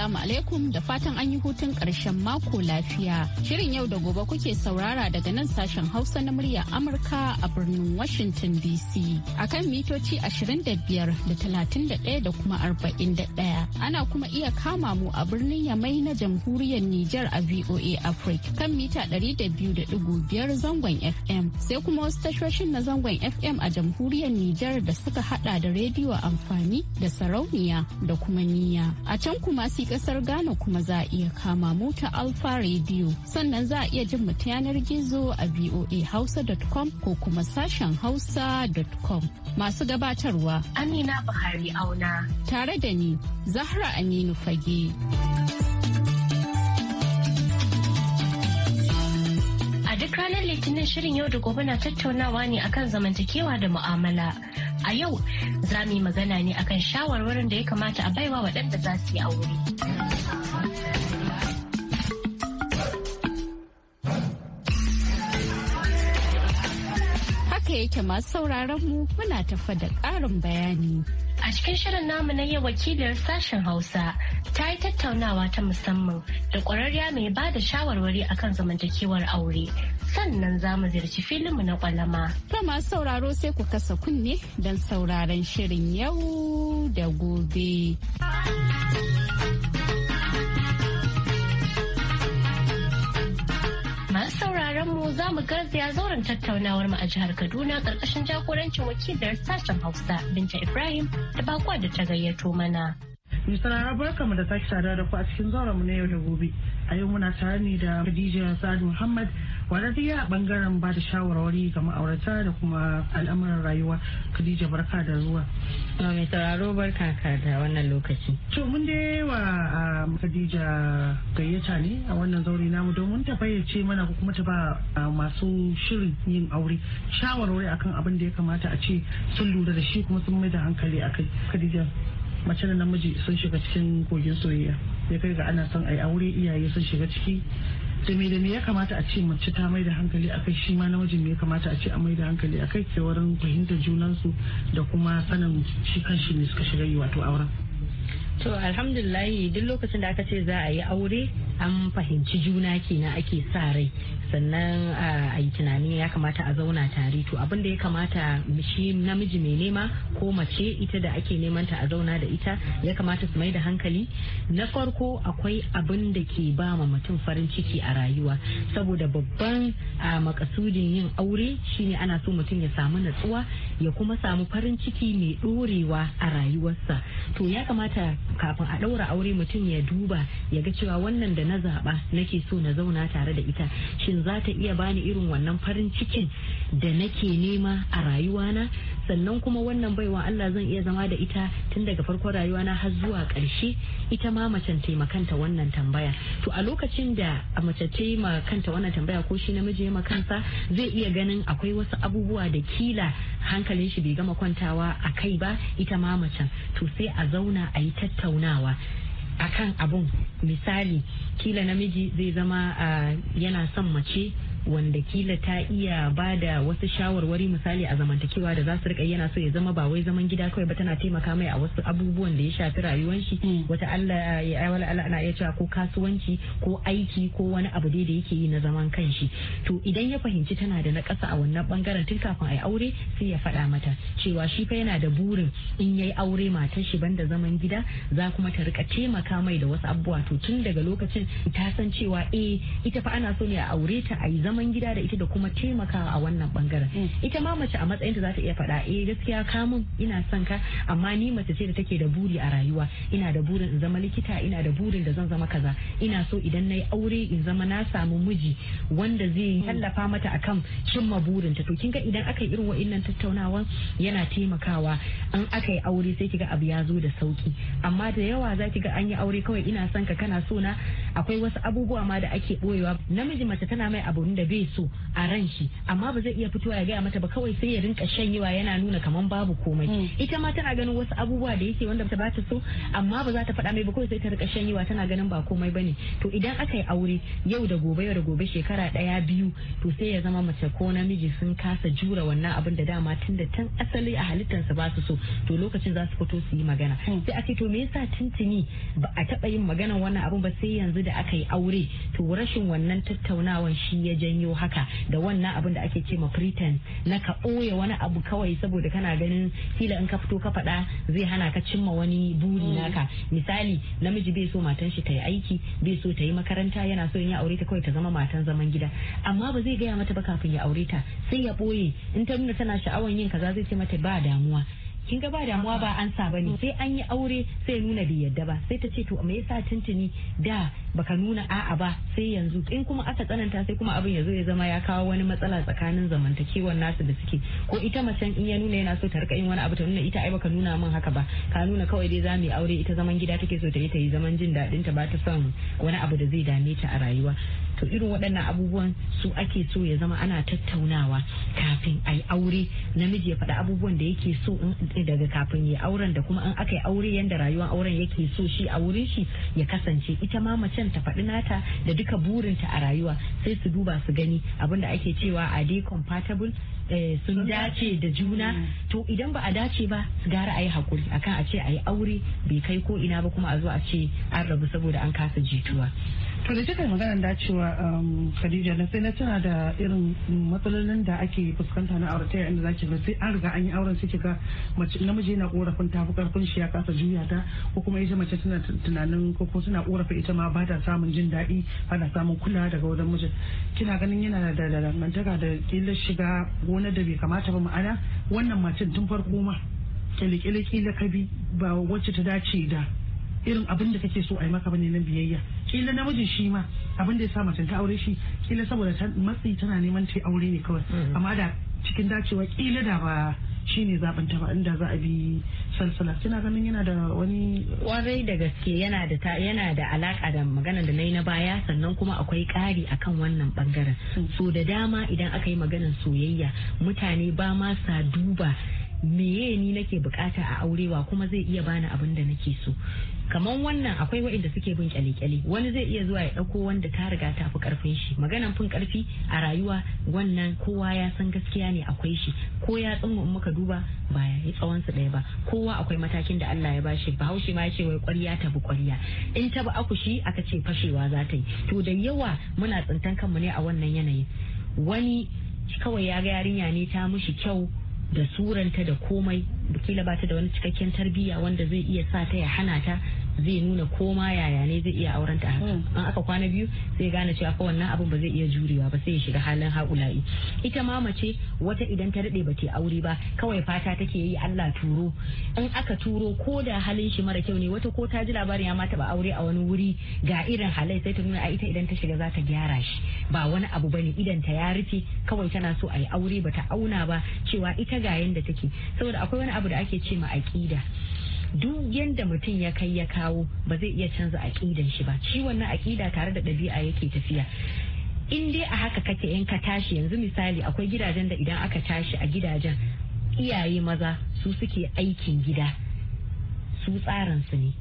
Assalamu alaikum da fatan an yi hutun ƙarshen mako lafiya. Shirin yau da gobe kuke saurara daga nan sashen Hausa na murya Amurka. Amurka a birnin Washington DC a kan mitoci 25 da 31 da kuma 41. Ana kuma iya kama mu a birnin Yamai na jamhuriyar Nijar a VOA Africa kan mita 200.5 zangon FM sai kuma wasu tashoshin na zangon FM a jamhuriyar Nijar da suka hada da rediyo amfani da sarauniya da kuma niya. A can kuma si kasar Ghana kuma za a iya kama mu ta alpha Radio sannan za a iya jin mu ta yanar gizo a voa voahausa.com ko kuma sashen hausa.com masu gabatarwa amina buhari auna tare da ni zahra aminu fage a duk ranar litinin shirin yau da gobe na tattaunawa ne akan zamantakewa da mu'amala a yau za mu yi magana ne akan shawarwarin da ya kamata a baiwa waɗanda za su yi aure yake masu sauraron mu muna tafa da ƙarin bayani. A cikin shirin namu na yau wakiliyar sashen Hausa ta yi tattaunawa ta musamman da ƙwararriya mai ba da shawarwari akan zamantakewar aure. Sannan za mu ziyarci filinmu na ƙwalama. Ta masu sauraro sai ku kasa kunne don sauraron shirin yau da gobe. sauraron mu za mu garzaya zauren tattaunawar mu a jihar Kaduna karkashin jagorancin wakilar sashen Hausa Binta Ibrahim da bakwa da ta gayyato mana. Mai sanarwa barka mu da sake sadar da ku a cikin zauren mu na yau da gobe. A yau muna tare ne da Khadija Sa'ad Muhammad kwararriya a bangaren ba da shawarwari ga ma'aurata da kuma al'amuran rayuwa kadija barka da zuwa mai sauraro barka ka da wannan lokaci to mun dai wa kadija gayyata ne a wannan zaure namu domin ta fayyace mana ko kuma ta ba masu shirin yin aure shawarwari akan abin da ya kamata a ce sun lura da shi kuma sun mai da hankali akai khadija mace da namiji sun shiga cikin kogin soyayya ya kai ga ana son a aure iyaye sun shiga ciki da me da me ya kamata a ce mace ta mai da hankali kai shi ma namijin me ya kamata a ce a mai da hankali akai ke wurin fahimtar junansu da kuma sanin shi kan shi ne suka shiga yi wato auren. To alhamdulillahi duk lokacin da aka ce za a yi aure an fahimci juna kenan ake sa rai sannan a yi tunani ya kamata a zauna tare to abin da ya kamata shi namiji mai nema ko mace ita da ake neman ta a zauna da ita ya kamata su mai da hankali na farko akwai abin da ke ba ma mutum farin ciki a rayuwa saboda babban makasudin yin aure shine ana so mutum ya samu natsuwa ya kuma samu farin ciki mai dorewa a rayuwarsa to ya kamata kafin a ɗaura aure mutum ya duba ya ga cewa wannan da na zaɓa nake so na zauna tare da ita shin za ta iya bani irin wannan farin cikin da nake nema a rayuwana sannan kuma wannan baiwa Allah zan iya zama da ita tun daga farkon rayuwana har zuwa ƙarshe ita ma macen taimakanta wannan tambaya to a lokacin da a mace taimakanta wannan tambaya ko shi namiji ya makansa zai iya ganin akwai wasu abubuwa da kila hankalin shi bai gama kwantawa a kai ba ita ma macen to sai a zauna a yi tattaunawa akan abun misali kila namiji zai zama ah, yana son mace wanda kila ta iya ba da wasu shawarwari misali a zamantakewa da za su rika yana so ya zama ba wai zaman gida kawai ba tana taimaka mai a wasu abubuwan da ya shafi rayuwar shi hmm. wata Allah ya wala Allah ana iya cewa ko kasuwanci ko aiki ko wani abu dai da yake yi na zaman kanshi to idan ya fahimci tana da na ƙasa a wannan bangaren tun kafin a yi aure sai ya faɗa mata cewa shi fa yana da burin in yayi aure matar shi banda zaman gida za kuma ta rika taimaka mai da wasu abubuwa to tun daga lokacin ta san cewa eh ita fa ana so ne a aure ta a yi zaman gida da ita da kuma taimakawa a wannan bangaren mm. ita ma mace a matsayin ta za iya faɗa eh gaskiya kamun ina son ka amma ni mace ce da take da buri a rayuwa ina da burin in zama likita ina da burin da zan zama kaza ina so idan nayi aure in zama na samu miji wanda zai mm. tallafa mata akan cimma burin ta to kin ga idan aka yi irin wa'innan tattaunawan yana taimakawa an aka yi aure sai kiga abu ya zo da sauki amma da yawa za ki ga an yi aure kawai ina son ka kana so na akwai wasu abubuwa ma da ake boyewa namiji mace tana mai abu da bai so a ran shi amma ba zai iya fitowa ya gaya mata ba kawai sai ya rinka shanyewa yana nuna kaman babu komai mm. ita ma tana ganin wasu abubuwa da yake wanda ba ta so amma ba za ta faɗa mai ba kawai sai ta rika shanyewa tana ganin ba komai bane to idan aka yi aure yau da gobe yau da gobe shekara ɗaya biyu to sai ya zama mace ko namiji sun kasa jura wannan abin da dama tun da tun asali a su ba su so to lokacin za su fito su yi magana mm. sai a ce to me yasa tuntuni ba a taɓa yin maganan wannan abin ba sai yanzu da aka yi aure to rashin wannan tattaunawan shi ya janyo haka da wannan abin da ake ce ma pretense na ka ɓoye wani abu kawai saboda kana ganin kila in ka fito ka faɗa zai hana ka cimma wani buri mm. naka misali namiji bai so matan shi ta yi aiki bai so ta yi makaranta yana so in ya aure ta kawai ta zama matan zaman gida amma ba zai gaya mata ba kafin ya aure ta sai ya ɓoye in ta nuna tana sha'awar yin kaza zai ce mata ba damuwa kin ga ba damuwa ba an sa bane sai an yi aure sai nuna bai yadda ba sai ta ce to me yasa tuntuni da baka nuna a'a ba sai yanzu in kuma aka tsananta sai kuma abin ya zo ya zama ya kawo wani matsala tsakanin zamantakewar nasu da suke ko ita macen in ya nuna yana so ta rika yin wani abu ta nuna ita ai baka nuna min haka ba ka nuna kawai dai za mu yi aure ita zaman gida take so ta yi ta yi zaman jin daɗin ta ba ta son wani abu da zai dame ta a rayuwa to irin waɗannan abubuwan su ake so ya zama ana tattaunawa kafin ayi aure namiji ya faɗi abubuwan da yake so daga kafin ya auren da kuma an aka yi aure yanda rayuwar auren yake so shi a wurin shi ya kasance ita ma macen ta faɗi nata da duka burinta a rayuwa sai su duba su gani abinda ake cewa a dey compatible eh, sun dace da juna mm. to idan ba a dace ba su gara a yi hakuri akan a ce a yi aure bai kai ko ina ba kuma a zo a ce an rabu saboda an kasa jituwa to da kika magana da cewa um, Khadija na sai na tana da irin matsalolin da ake fuskanta na auratayya inda zaki ga sai an riga an yi auren sai ga mace namiji yana korafin tafi karfin shi ya kasa juya ta ko kuma ita mace tana tunanin ko kuma suna korafa ita ma ba ta samun jin daɗi ba ta samun kula daga wajen mijin kina ganin yana da dangantaka da kila shiga gonar da bai kamata ba ma'ana wannan macen tun farko ma kyalikyalikila ka bi ba wacce ta dace da irin abin da kake so a yi maka bane na biyayya kila namijin shi ma abin da ya sa mace ta aure shi kila saboda matsi tana neman ta aure ne kawai mm-hmm. amma da cikin dacewa kila da ba shi ne zaben ta ba inda za a bi salsala kina ganin yana da wani kwarai da gaske yana da ta yana da alaka da magana da nayi na baya sannan kuma akwai ƙari akan wannan bangaren mm. so da dama idan aka yi maganar soyayya mutane ba ma sa duba meye ni nake bukata a aurewa kuma zai iya bani abin da nake so kamar wannan akwai wa'inda suke bin kyale-kyale wani zai iya zuwa ya ɗauko wanda ta riga ta fi karfin shi maganan fin karfi a rayuwa wannan kowa ya san gaskiya ne akwai shi ko ya tsinmu in muka duba ba ya yi tsawon su ɗaya ba kowa akwai matakin da Allah ya bashi bahaushe ma ya ce wai ƙwarya ta bi ƙwarya in ta bi akushi aka ce fashewa za ta yi to da yawa muna tsintan kanmu ne a wannan yanayin wani kawai ya ga yarinya ne ta mushi kyau da suranta da komai kila bata da wani cikakken tarbiyya wanda zai iya sa ta ya hana ta zai nuna koma yaya ne zai iya auren ta haka an hmm. aka kwana biyu sai gane cewa fa wannan abin ba zai iya jurewa ba sai ya shiga halin haƙula'i ita ma mace wata idan ta daɗe ba ta aure ba kawai fata take yi Allah turo in aka turo ko da halin shi mara kyau ne wata ko ta ji labarin ya mata ba aure a wani wuri ga irin halai sai ta nuna a ita idan ta shiga za ta gyara shi ba wani abu ba ne idan ta ya rufe kawai tana so a yi aure ba ta auna ba cewa ita ga yanda take saboda akwai wani abu da ake ce ma aƙida duk yadda mutum ya kai ya kawo ba zai iya canza aƙidan shi ba shi wannan aƙida tare da ɗabi'a yake tafiya in dai a haka kake in ka tashi yanzu misali akwai gidajen da idan aka tashi a gidajen iyaye maza su suke aikin gida su tsaransu ne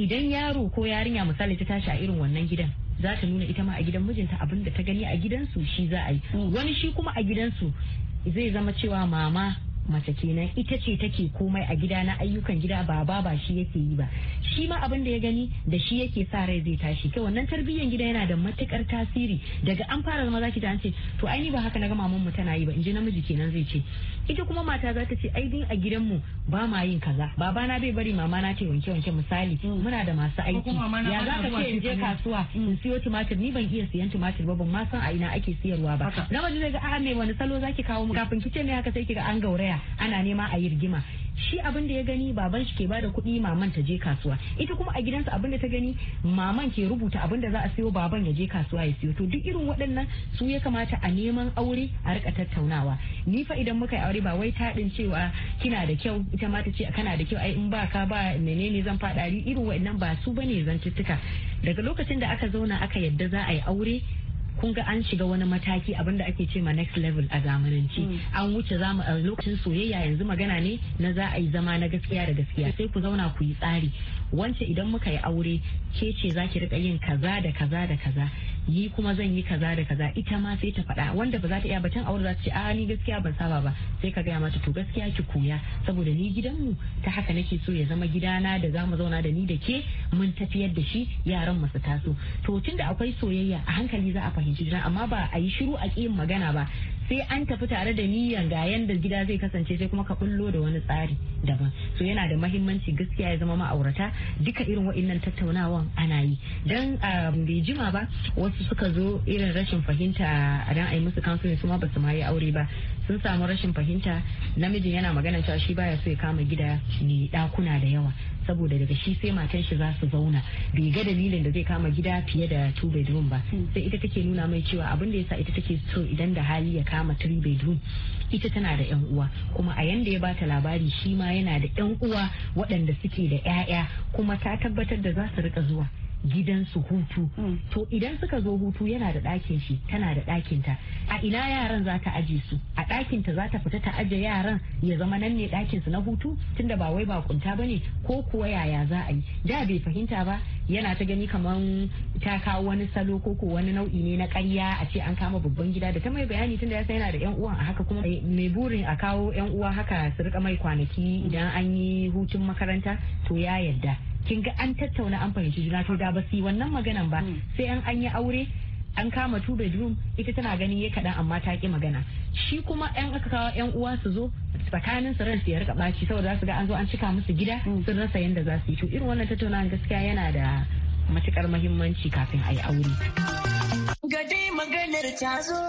idan yaro ko yarinya misali ta tashi a irin wannan gidan za ta nuna ita ma a gidan mijinta abin da ta gani a gidansu shi za a yi wani shi kuma a gidansu zai zama cewa mama mace kenan ita ce take komai a gida na ayyukan gida ba ba ba shi yake yi ba shi ma abin da ya gani da shi yake sa rai zai tashi kai wannan tarbiyyar gida yana da matukar tasiri daga an fara zama zaki ta ce to ai ni ba haka naga maman mu tana yi ba inji namiji kenan zai ce ita kuma mata za ta ce ai din a gidan mu ba ma yin kaza baba na bai bari mama na ce wanke wanke misali muna da masu aiki ya za ka ce in je kasuwa in mm. siyo tumatir ni ban iya siyan tumatir ba ban ma san a ina ake siyarwa ba namiji zai ga a me wani salo zaki kawo mu kafin kice ne haka sai ki ga an gauraya ana nema a yi rigima shi abin da ya gani baban shi ke bada kuɗi maman ta je kasuwa ita kuma a gidansa abin da ta gani maman ke rubuta abin da za a siyo baban ya je kasuwa ya siyo to duk irin waɗannan su ya kamata a neman aure a rika tattaunawa ni fa idan muka yi aure ba wai taɗin cewa kina da kyau ita ma ta ce kana da kyau ai in ba ka ba menene zan faɗa irin waɗannan ba su bane zantuttuka daga lokacin da aka zauna aka yadda za a yi aure kun ga an shiga wani mataki abin da ake ce ma next level a zamanance mm. an wuce zamu a lokacin soyayya yanzu magana ne na za a yi zama na gaskiya da gaskiya sai ku zauna ku yi tsari wance idan muka yi aure ke ce zaki riƙa yin kaza da kaza da kaza yi kuma zan yi kaza da kaza ita ma sai ta faɗa wanda ba za ta iya batun aure za ta ce a ni gaskiya ban saba ba sai ka gaya mata to gaskiya ki koya saboda ni gidanmu ta haka nake so ya zama gidana da za mu zauna da ni da ke mun tafiyar da shi yaran mu masu taso to tunda akwai soyayya a hankali za a fahimci juna amma ba a yi shiru a ƙi magana ba sai an tafi tare da niyyar ga yanda gida zai kasance sai kuma ka kullo da wani tsari daban so yana da mahimmanci gaskiya ya zama ma'aurata duka irin wa'innan tattaunawan ana yi dan ah, bai jima ba wasu suka zo irin rashin fahimta a dan ai musu kansu su ma basu ma yi aure ba sun samu rashin fahimta namijin yana magana cewa shi baya so ya kama gida ne dakuna da yawa saboda daga shi sai matan shi za su zauna bai ga dalilin da zai kama gida fiye da two bedroom ba hmm. sai ita take nuna mai cewa abin da yasa ita take so idan da hali ya kama three bedroom ita tana da yan uwa kuma a yanda ya bata labari shi ma yana da yan uwa waɗanda suke da 'ya'ya kuma ta tabbatar da za su rika zuwa gidansu hutu mm. to idan suka zo hutu yana da ɗakin shi tana da ɗakinta a ina yaran za ta aje su a ɗakinta za ta fita ta aje yaran ya zama nan ne ɗakinsu na hutu tunda ba wai kunta ba ne ko kuwa yaya za a yi da bai fahimta ba yana ta gani kaman ta kawo wani salo ko ko wani nau'i ne na ƙarya a ce an kama babban gida da ta mai bayani tunda ya san yana da yan uwan a haka kuma eh, mai burin a kawo yan uwa haka su rika mai kwanaki idan an yi hutun makaranta to ya yadda kin ga an tattauna an fahimci juna to da ba su yi wannan maganan ba hmm. sai an an yi aure an kama two bedroom ita tana gani ya kaɗan amma ta ki magana shi kuma yan aka kawo yan uwa su zo tsakanin su ransu ya rika ɓaci saboda za su ga an zo an cika musu gida hmm. sun rasa yadda za su yi to irin wannan tattaunawa gaskiya yana da matukar mahimmanci kafin a yi aure. Gade maganar ta zo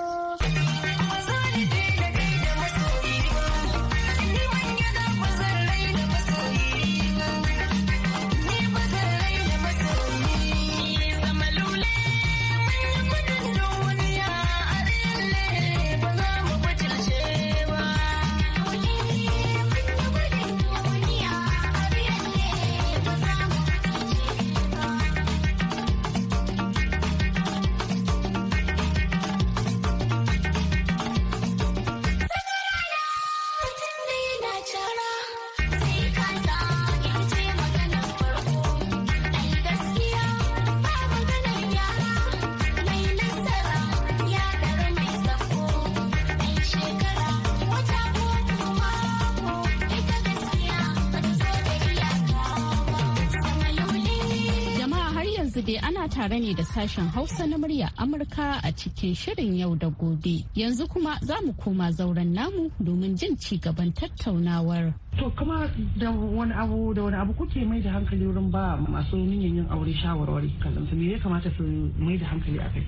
tare ne da sashen Hausa na murya Amurka a cikin shirin yau da gobe. Yanzu kuma za mu koma zauren namu domin jin ci gaban tattaunawar. To kuma da wani abu da wani abu kuke mai da hankali wurin ba masu niyan yin aure shawarwari kallon su me ya kamata su mai da hankali akai.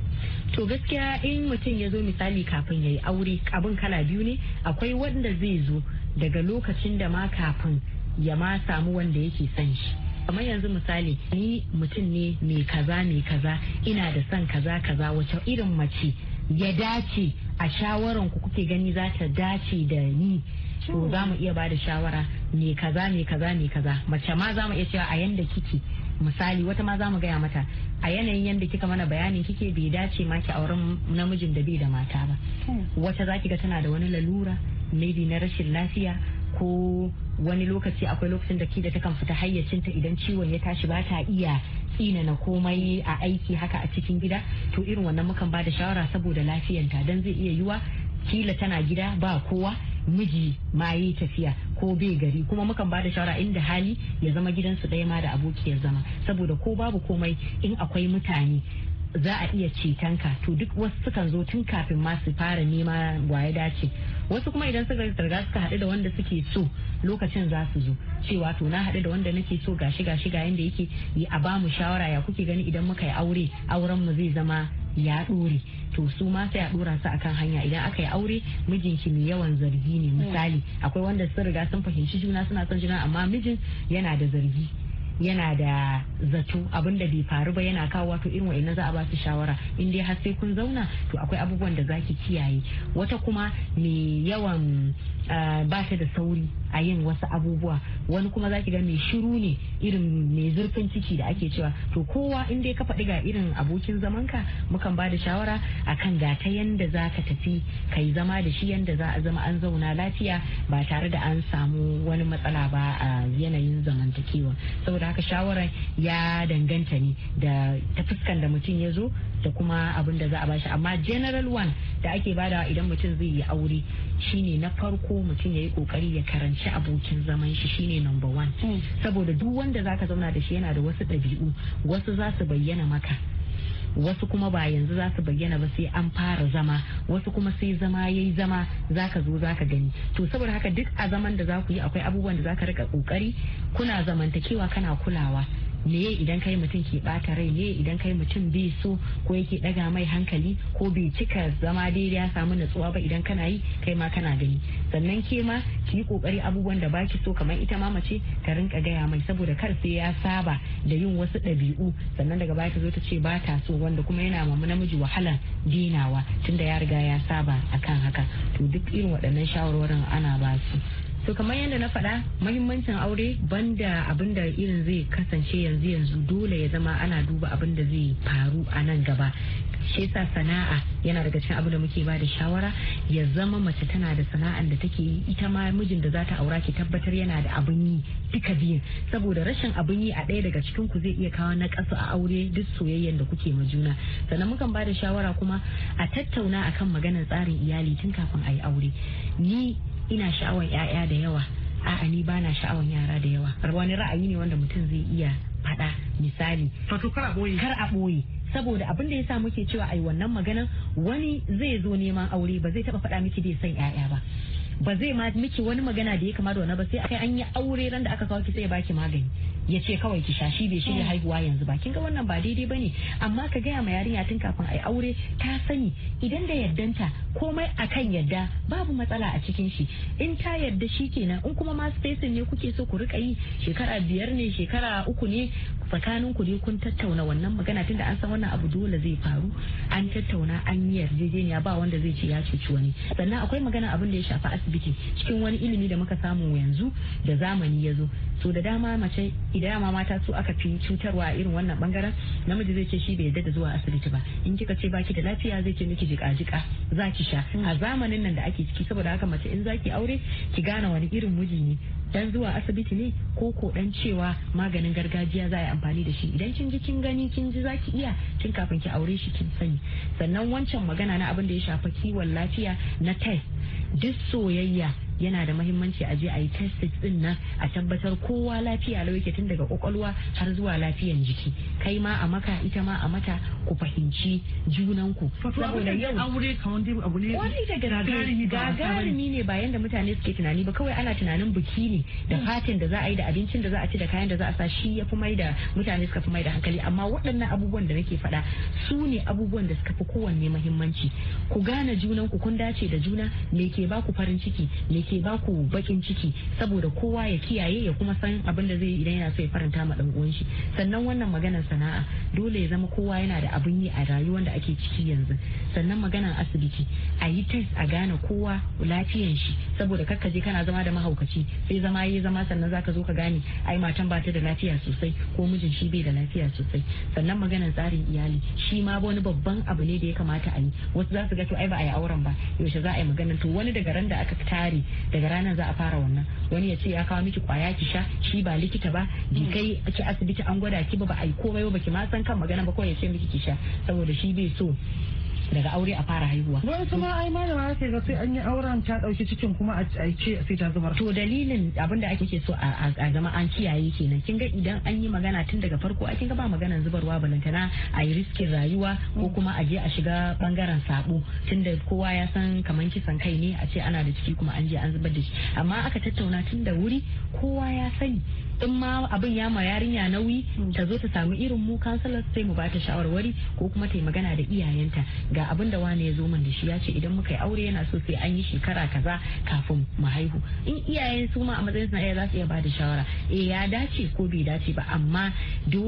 To gaskiya in mutum ya zo misali kafin ya yi aure abin kala biyu ne akwai wanda zai zo daga lokacin da ma kafin ya ma samu wanda yake son shi. kamar yanzu misali ni mutum ne mai kaza mai kaza ina da son kaza kaza wace irin mace ya dace a shawaran ku kuke gani za ta dace da ni to za mu iya ba da shawara mai kaza mai kaza mai kaza mace ma za mu iya cewa a yanda kike misali wata ma za mu gaya mata a yanayin yadda kika mana bayanin kike bai dace ma ki auren namijin da bai da mata ba hmm. wata za ki ga tana da wani lalura maybe na rashin lafiya ko wani lokaci akwai lokacin da kila takan fita hayyacinta idan ciwon ya tashi ba ta iya tsina na komai a aiki haka a cikin gida to irin wannan mukan ba da shawara saboda lafiyanta don zai iya yiwa kila tana gida ba kowa miji ma yi tafiya ko bai gari kuma mukan ba da shawara inda hali ya zama gidansu ɗaya ma da aboki ya zama saboda ko babu komai in akwai mutane za a iya cetonka to duk wasu sukan zo tun kafin masu fara nema wa dace wasu kuma idan suka riga suka haɗu da wanda suke so lokacin za su zo cewa to na haɗu da wanda nake so gashi gashi ga yanda yake yi a bamu shawara ya kuke gani idan muka yi aure auren mu zai zama ya ɗore to su ma sai a ɗora su akan hanya idan aka yi aure mijinki mai yawan zargi ne misali akwai wanda sun riga sun fahimci juna suna son juna amma mijin yana da zargi yana da zato abun da bai faru ba yana kawo wato irin wa'annan za a ba su shawara in dai har sai kun zauna to akwai abubuwan da zaki kiyaye wata kuma mai yawan ba ta da sauri a yin wasu abubuwa wani kuma za ki ga mai shiru ne irin mai zurfin ciki da ake cewa to kowa in dai ka faɗi ga irin abokin zamanka mukan ba da shawara kan ga ta yanda za ka tafi ka yi zama da shi yanda za a zama an zauna lafiya ba tare da an samu wani matsala ba a yanayin zamantakewa saboda haka shawarar ya danganta ne da ta fuskan da mutum ya zo da kuma abin da za a bashi amma general one da ake badawa idan mutum zai yi aure shine na farko mutum ya yi kokari ya karanci abokin zaman shi shine number one hmm. saboda duk wanda zaka zauna da shi yana da wasu ɗabi'u wasu za su bayyana maka wasu kuma ba yanzu za su bayyana ba sai an fara zama wasu kuma sai zama yayi zama ka zo ka gani to saboda haka duk a zaman da za ku yi akwai abubuwan da za ka rika kokari kuna zamantakewa kana kulawa me idan kai mutum ke bata rai ne idan kai mutum bai so ko yake daga mai hankali ko bai cika zama daidai ya samu natsuwa ba idan kana yi kai ma kana gani sannan ke ma ki yi kokari abubuwan da baki so kamar ita ma mace ta rinka gaya mai saboda kar sai ya saba da yin wasu ɗabi'u sannan daga baya ta zo ta ce ba ta so wanda kuma yana mamu namiji wahalan dinawa tunda ya riga ya saba akan haka to duk irin waɗannan shawarwarin ana ba su to kamar yadda na faɗa mahimmancin aure banda abin da irin zai kasance yanzu yanzu dole ya zama ana duba abin da zai faru a nan gaba shi sa sana'a yana daga cikin abin da muke ba da shawara ya zama mace tana da sana'an da take yi ita ma mijin da za ta aura ki tabbatar yana da abin yi duka biyun saboda rashin abin yi a ɗaya daga cikin ku zai iya kawo na ƙasa a aure duk soyayyen da kuke ma juna sannan mukan ba da shawara kuma a tattauna akan maganar tsarin iyali tun kafin a yi aure ni ina sha'awar 'ya'ya da yawa a'a ni bana sha'awar yara da yawa wani ra'ayi ne wanda mutum zai iya faɗa misali kar a ɓoye kar a saboda abin da ya sa muke cewa ai wannan maganan wani zai zo neman aure ba zai taba faɗa miki da san ya'ya ba ba zai ma miki wani magana da ya kama da wani ba sai akai an yi aure ran da aka kawo ki sai ya baki magani ya ce kawai ki shashi bai shirya haihuwa yanzu ba kin ga wannan ba daidai bane amma ka gaya ma yarinya tun kafin ai aure ta sani idan da yaddanta komai akan yadda babu matsala a cikin shi in ta yadda shi kenan in kuma ma spacing ne kuke so ku rika yi shekara biyar ne shekara uku ne tsakanin ku ne kun tattauna wannan magana tunda an san wannan abu dole zai faru an tattauna an yi yarjejeniya ba wanda zai ce ya cuci wani sannan akwai magana abin da ya shafi asibiti cikin wani ilimi da muka samu yanzu da zamani ya zo so da dama mace idan ma mata su aka fi cutarwa a irin wannan bangaren namiji zai ce shi bai yadda da zuwa asibiti ba in kika ce baki da lafiya zai ce miki jika jika za ki sha a zamanin nan da ake ciki saboda haka mace in zaki aure ki gane wani irin miji ne dan zuwa asibiti ne ko ko dan cewa maganin gargajiya za a yi amfani da shi idan kin ji kin gani kin ji za ki iya tun kafin ki aure shi kin sani sannan wancan magana na abin da ya shafa kiwon lafiya na tai duk soyayya yana da mahimmanci a je a yi test din nan a tabbatar kowa lafiya lau yake tun daga kwakwalwa har zuwa lafiyan jiki kai ma a maka ita ma a mata ku fahimci junanku saboda yau aure ka dai abu ne wani da gagarumi ne ba yanda mutane suke tunani ba kawai ana tunanin biki ne da mm. fatin da za a yi da abincin da za a ci da kayan da za a sa shi ya fi mai da mutane suka fi mai da hankali amma waɗannan abubuwan da nake faɗa su ne abubuwan da suka fi kowanne mahimmanci ku gane junan ku kun dace da juna me ke ba ku farin ciki me ke ke ba ku bakin ciki saboda kowa ya kiyaye ya kuma san abin da zai idan yana so ya faranta ma dan uwan shi sannan wannan maganar sana'a dole ya zama kowa yana da abin yi a rayuwar da ake ciki yanzu sannan maganar asibiti a yi test a gane kowa lafiyan shi saboda kakka je kana zama da mahaukaci sai zama ya zama sannan ka zo ka gane ai matan ba ta da lafiya sosai ko mijin shi bai da lafiya sosai sannan maganar tsarin iyali shi ma wani babban abu ne da ya kamata a yi wasu za su ga to ai ba a yi auren ba yaushe za a yi maganar to wani daga ran da aka tare daga ranar za a fara wannan wani ya ce ya kawo miki kwaya ki sha shi ba likita ba bi kai ki asibiti an gwada ki ba ba a yi komai ba ki ma san kan magana ba kawai ya ce miki ki sha saboda shi bai so daga aure a fara haihuwa wani kuma ai malama sai ga sai an yi auren ta ɗauki cikin kuma a ce sai ta zubar to dalilin abinda ake ke so a zama an kiyaye kenan kin ga idan an yi magana tun daga farko a kin ga ba maganan zubarwa balantana a yi riskin rayuwa ko kuma a je a shiga bangaren sabo da kowa ya san kaman kisan kai ne a ce ana da ciki kuma an je an zubar da shi amma aka tattauna tun da wuri kowa ya sani in ma abin ya ma yarinya nauyi hmm. ta zo ta samu irin mu kansalar sai mu bata shawarwari ko kuma ta yi magana da iyayenta ga abin da wani ya zo man da shi ya ce idan muka yi aure yana so sai an yi shekara kaza kafin mu haihu in iyayen su ma a matsayin su na iya za su iya bada shawara eh ya dace ko bai dace ba amma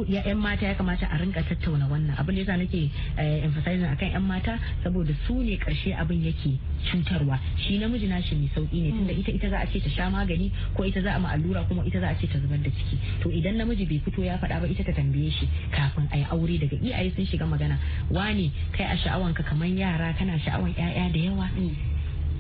yan mata ya kamata a rinka tattauna wannan abin da yasa nake eh, emphasizing akan yan mata saboda su ne karshe abin yake cutarwa shi namiji nashi mai sauki ne tunda hmm. ita ita za a ce ta sha magani ko ita za a ma allura kuma ita za a ce ta zubar da ciki to idan namiji bai fito ya faɗa ba ita ta tambaye shi kafin a yi aure daga iyaye sun shiga magana wani kai a sha'awanka kamar yara kana sha'awan 'ya'ya da yawa mm.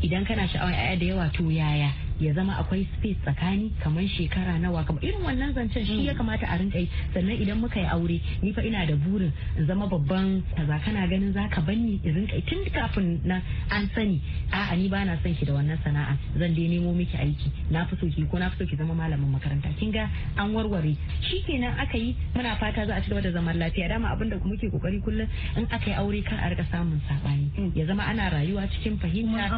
idan kana sha'awan 'ya'ya da yawa to yaya ya zama akwai space tsakani kamar shekara nawa kamar irin wannan zancen shi ya mm. kamata a rinka yi sannan idan muka yi aure ni fa ina da burin in zama babban kaza kana ganin zaka banni in rinka tun kafin na an sani a'a ni bana son ki da wannan sana'a zan dai nemo miki aiki na fi so ki ko na fi so ki zama malamin makaranta kin ga an warware shikenan aka yi muna fata za a ci gaba da zaman lafiya dama abin da muke kokari kullum in aka yi aure kar a rika samun saɓani. Mm. ya zama ana rayuwa cikin fahimta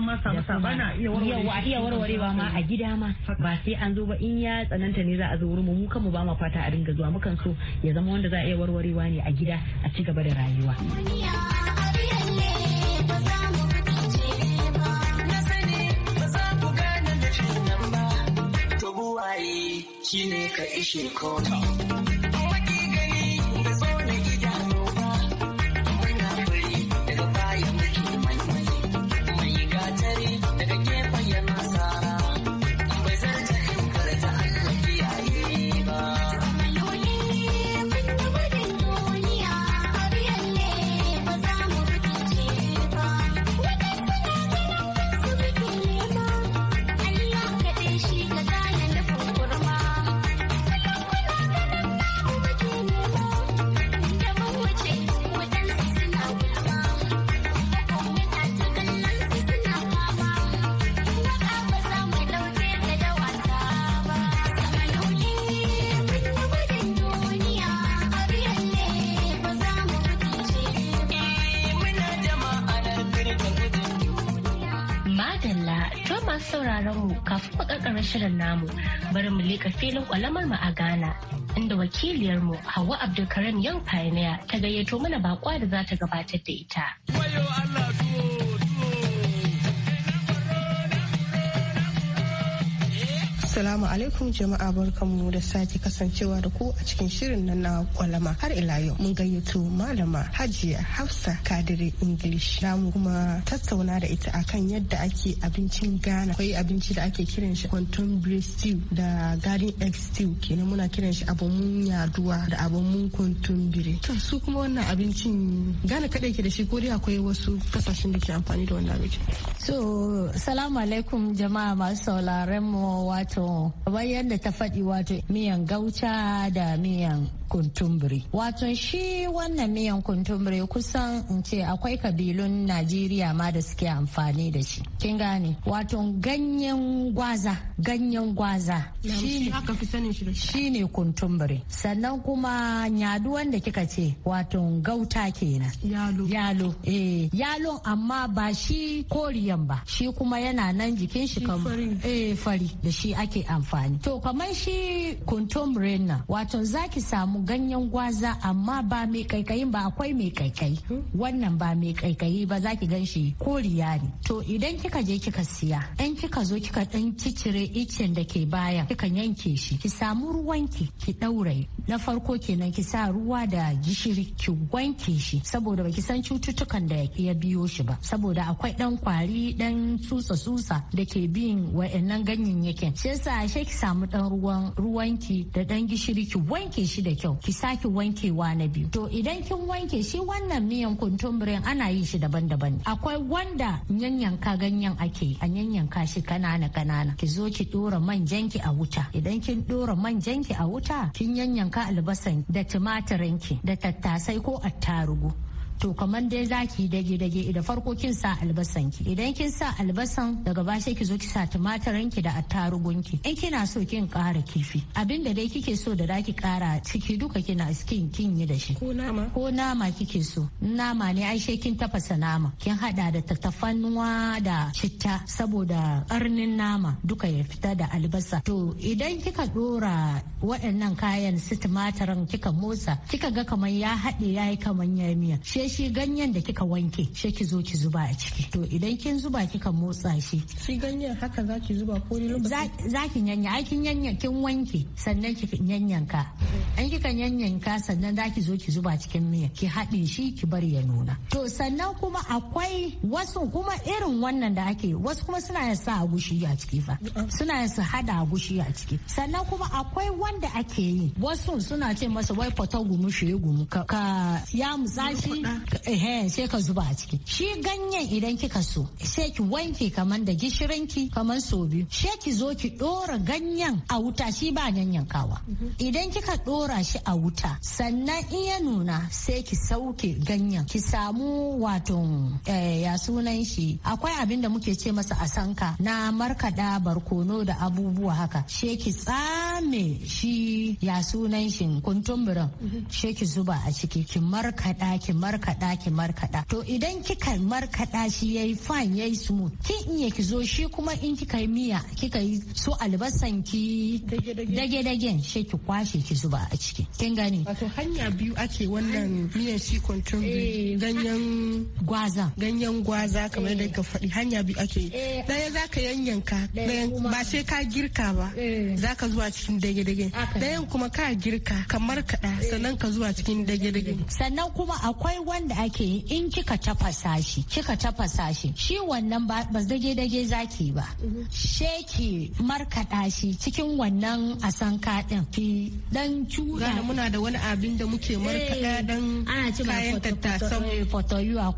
yawa iya warwarewa ma a gida ma ba sai an zo ba in ya tsananta ne za a zo wurin mu kanmu ba mu fata a dinga zuwa mukan so ya zama wanda za a iya warwarewa ne a gida a ci gaba da rayuwa. Shine ka ishe kota. sauraron mu kafin mu shirin namu bari mu leka filin kwalamar mu a Ghana inda wakiliyarmu mu Hauwa Abdulkarim yan Pioneer ta gayyato mana bakwa da za ta gabatar da ita. Assalamu alaikum jama'a barkanmu da sake kasancewa da ku a cikin shirin nan na kwalama har ila yau mun gayyato malama Hajiya Hafsa Kadiri English namu kuma tattauna da ita akan yadda ake abincin Ghana akwai abinci da ake kiran shi contemporary stew da garden egg stew kenan muna kiran shi mun yaduwa da abamun contemporary to su kuma wannan abincin Ghana kadai ke da shi ko dai akwai wasu kasashen da ke amfani da wannan abincin so salamu alaikum jama'a masu sauraron mu wato bayan da ta faɗi wato miyan gauta da miyan kuntumbiri wato shi wannan miyan kuntumbiri kusan in ce akwai kabilun najeriya ma da suke amfani da shi kin gane wato ganyen gwaza ganyen gwaza shi ne kuntumbiri sannan kuma nyadu wanda kika ce wato gauta kenan yalo yalo eh yalo amma ba shi koriyan ba shi kuma yana nan jikin shi kamar eh fari da shi ake amfani to kamar shi kuntumbirin nan wato zaki samu ganyen gwaza amma ba mai kaikayin ba akwai mai kaikai wannan ba mai kaikayi ba za ki ganshi koriya ne to idan kika je kika siya ɗan kika zo kika dan cicire icen da ke baya kika yanke shi ki samu ruwan ki ɗaure na farko kenan ki sa ruwa da gishiri ki wanke shi saboda baki san cututtukan da ya biyo shi ba saboda akwai ɗan kwari ɗan tsutsa tsutsa da ke bin wa'annan ganyayyakin shi yasa ki samu dan ruwan ruwanki da ɗan gishiri ki wanke shi da kyau ki sake wankewa na biyu to idan kin wanke shi wannan miyan kuntumbirin ana yi shi daban-daban akwai wanda yanyanka ganyen ake a yanyanka shi kanana kanana ki zo ki dora ki a wuta idan kin dora ki a wuta kin yanyanka albasan da tumatirin ki da tattasai ko attarugu to kamar dai za ki dage dage da farko kin sa albasan ki idan kin sa albasan daga ba sai ki zo ki sa tumatirin ki da attarugun ki in kina so kin kara kifi abin da dai kike so da zaki kara ciki duka kina skin kin yi da shi ko nama ko nama kike so nama ne ai kin tafasa nama kin hada da tatafanuwa da citta saboda karnin nama duka ya fita da albasa to idan kika dora waɗannan kayan su tumatirin kika motsa kika ga kamar ya haɗe yayi kamar ya miya sai shi ganyen da kika wanke sai ki zo ki zuba a ciki to idan kin zuba kika motsa shi shi ganyen haka za ki zuba ko ne za ki nyanya ai kin nyanya kin wanke sannan ki yanyanka an kika yanyanka sannan za ki zo ki zuba cikin miya ki haɗe shi ki bari ya nuna to sannan kuma akwai wasu kuma irin wannan da ake wasu kuma suna sa agushi a ciki fa suna su hada agushi a ciki sannan kuma akwai wanda ake yi wasu suna ce masa wai fata gumu shi gumu ka ya musashi ma sai ka zuba a ciki shi ganyen idan kika so sai ki wanke kaman da gishirinki kaman so biyu sai ki zo ki dora ganyen a wuta shi ba yanyankawa idan kika dora shi a wuta sannan in ya nuna sai ki sauke ganyen ki samu wato eh, ya sunan shi akwai abin da muke ce masa a sanka na markada barkono da abubuwa haka sai ki tsame shi ya sunan shi kuntumbirin ki zuba a ciki ki markada ki markada markaɗa ki markaɗa to idan kika markaɗa shi yayi fine yayi smooth kin iya ki zo shi kuma in kika yi miya kika yi su albasan ki dage dage shi ki kwashe ki zuba a ciki kin gani wato hanya biyu ake wannan miyan shi control eh. ganyen gwaza ganyen gwaza kamar da eh. ka faɗi hanya biyu ake daya eh. zaka yanyanka ba sai ka girka ba zaka zuwa cikin dage dage dayan kuma ka girka kamar kaɗa sannan ka zuwa cikin dage dage sannan kuma akwai wanda ake yi in kika tafasa shi kika tafasa shi shi wannan ba dage dage zaki ba sheki markaɗa shi cikin wannan asanka din ki dan cuda muna da wani abin da muke eh, markaɗa dan ana kayan tattasan eh,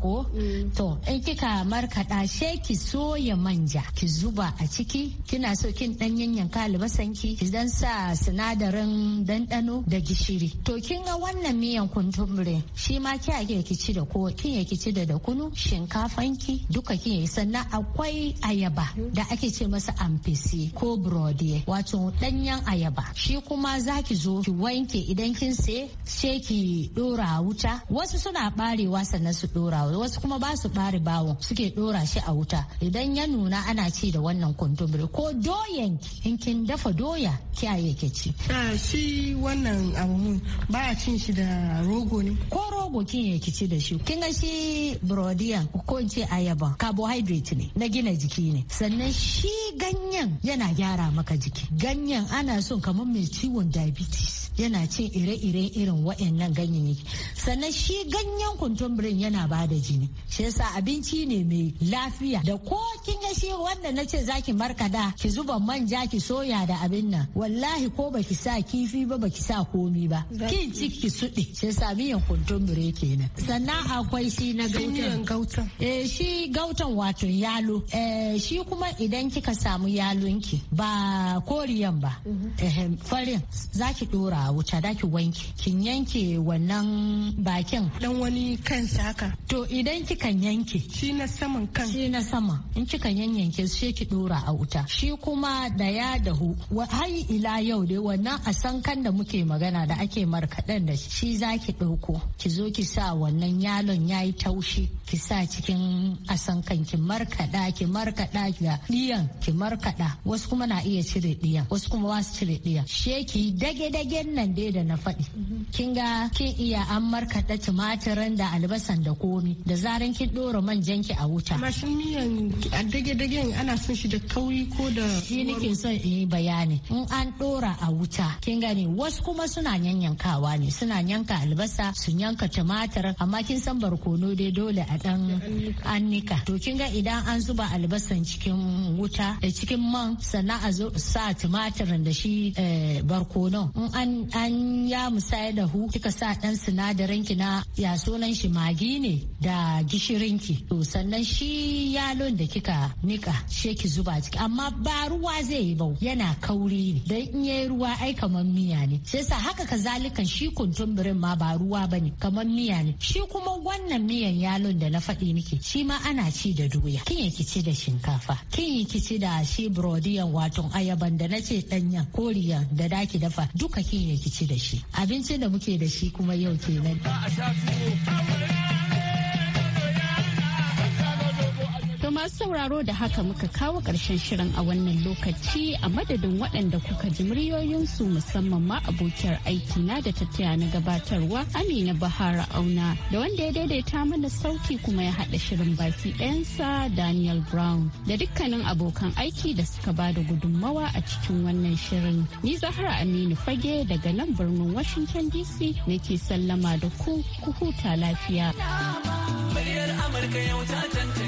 ko mm. to in kika markaɗa sheki soya manja ki zuba a ciki kina so kin dan yanyanka albasan ki dan sa sinadarin dandano da gishiri to kin ga wannan miyan kuntumure shi ma ake ki ci da ko kin ki ci da dakunu shinkafan shinkafanki duka kin yi sannan akwai ayaba da ake ce masa amfisi ko brodie wato danyen ayaba shi kuma zaki zo ki wanke idan kin saye sai ki dora wuta wasu suna barewa sannan su dora wasu kuma ba su bare bawon suke dora shi a wuta idan ya nuna ana ci da wannan kuntumbre ko doyan in kin dafa doya kiyaye ke ci ah, shi wannan abu baya cin shi da rogo ne ko rogo kin yake abinci da shi kin ga shi brodiyan ko in ce ayaba carbohydrate ne na gina jiki ne sannan shi ganyen yana gyara maka jiki ganyen ana son kamar mai ciwon diabetes yana cin ire ire irin waɗannan ganyayyaki sannan shi ganyen kuntumbirin yana ba da jini shi yasa abinci ne mai lafiya da ko kin ga shi wanda na ce zaki markada ki zuba manja ki soya da abin nan wallahi ko baki sa kifi ba baki sa komi ba kin ci ki suɗi shi yasa miyan kuntumbire kenan sannan akwai shi na gautan eh shi gautan wato yalo eh shi kuma idan kika samu yalonki ba koriyan ba mhm. farin zaki dora a wuta da ki kin yanke wannan bakin dan wani kansa haka to idan kikan yanke shi na saman kan shi na sama in kan yanyanke shi ki dora a wuta shi kuma da ya dahu har ila yau dai wannan a kan da muke magana da ake markaɗen da shi zaki ɗauko ki zo ki sa wannan yalon yayi taushi ki sa cikin asankan ki markaɗa ki markaɗa da ɗiyan ki markaɗa wasu kuma na iya cire ɗiyan wasu kuma wasu cire ɗiyan sheki ki dage dagen wannan dai da na faɗi kin ga kin iya an markaɗa tumatirin da albasan da komi da zaran kin ɗora manjan ki a wuta mashin miyan a dage-dagen ana son shi da kauri ko da shi nake son in yi bayani in an ɗora a wuta kin gani wasu kuma suna yanyankawa ne suna yanka albasa su yanka tumatir amma kin san barkono dai dole a dan nika to kin ga idan an zuba albasan cikin wuta da eh, cikin man sannan a zo sa tumatirin da shi eh, barkono in an an ya musaya da hu kika sa dan sinadarin ki na ya sunan shi magi ne da gishirin ki to sannan shi yalon da kika nika she ki zuba ciki amma ba ruwa zai yi bau yana kauri ne dan in yayi ruwa ai kaman miya ne sai sa haka kazalikan shi kuntumbirin ma ba ruwa bane kamar miya ne shi kuma wannan miyan yalon da na faɗi miki shi ma ana ci da doya kin yi ci da shinkafa kin yi ci da shi brodiyan wato ayaban da nace danyen koriya da daki dafa duka kin cinye ki ci da shi abincin da muke da shi kuma yau kenan. masu sauraro da haka muka kawo ƙarshen shirin a wannan lokaci a madadin waɗanda kuka ji muryoyinsu musamman ma abokiyar aiki na da tattaya na gabatarwa Amina Bahara Auna da wanda ya daidaita mana sauti kuma ya haɗa shirin baki ɗayansa Daniel Brown da dukkanin abokan aiki da suka ba da gudunmawa a cikin wannan shirin. Ni Zahra Aminu Fage daga nan birnin Washington DC nake sallama da ku ku huta lafiya. Amurka yau ta tantance